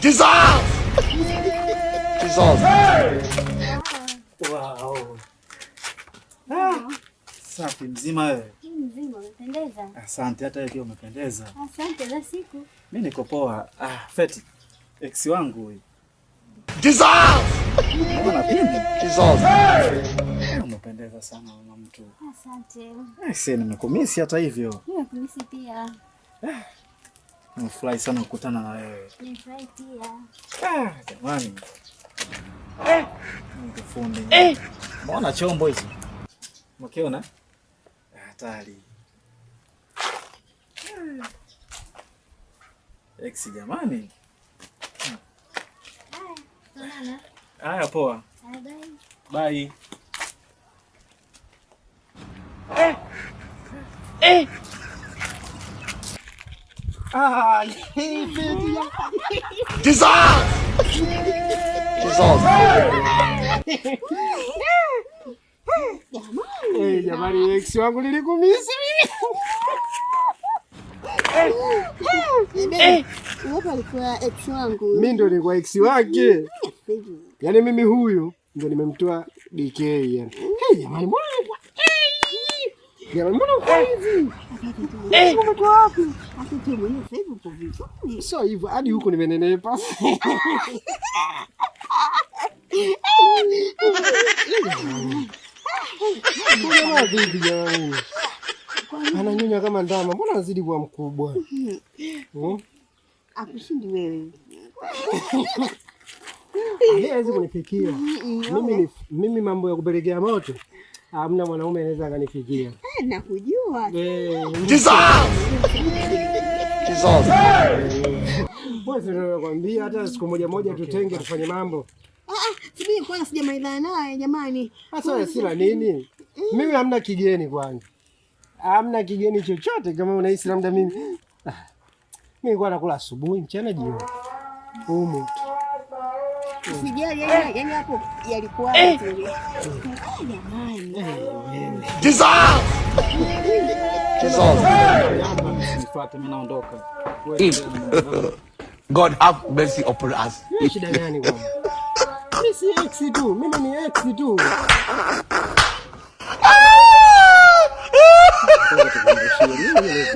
Dissolve! Dissolve. Wow. Ah, safi mzima wewe. Mzima umependeza. Asante, hata wewe pia umependeza. Asante za siku. Mimi niko poa. Ah, Feti. Ex wangu huyu. Dissolve! Mbona pindi. Dissolve. Umependeza sana mama mtu. Asante. Eh, sasa nimekumisi hata hivyo. Nimekumisi pia. Ah. Nafurahi sana kukutana na wewe. Nimefurahi pia. Ah, jamani. Eh, mkufunde. Eh. Mbona chombo hicho? Mkiona? Hatari. Hmm. Ex jamani. Haya, haya poa. Bye. Eh. Eh. Ah, jamani, ex wangu nilikumisi mimi. Mimi ndo nilikuwa ex wake. Yaani mimi huyu ndo nimemtoa DK yaani. Jamani, mbona Yaani, mbona uko eh. hivi? Umetoa eh. wapi? Sio hivyo, hadi huko nimenenepa. vipi jamani? Ananyonya kama ndama, mbona anazidi kuwa mkubwa? Hmm? Akushindi wewe. Hawezi kunifikia. Mimi mambo ya kupelekea moto Hamna mwanaume anaweza akanifikia. Eh, nakujua. Eh, Nakwambia hata siku moja moja tutenge tufanye mambo. Ah, ah, sijamaliza naye jamani. Sasa sila nini? Eh. Mimi hamna kigeni kwanza, hamna kigeni chochote. Kama unahisi labda mimi ah, mimi kwa nakula asubuhi, mchana, jioni tu. Eh. Eh. God have mercy upon us. Shida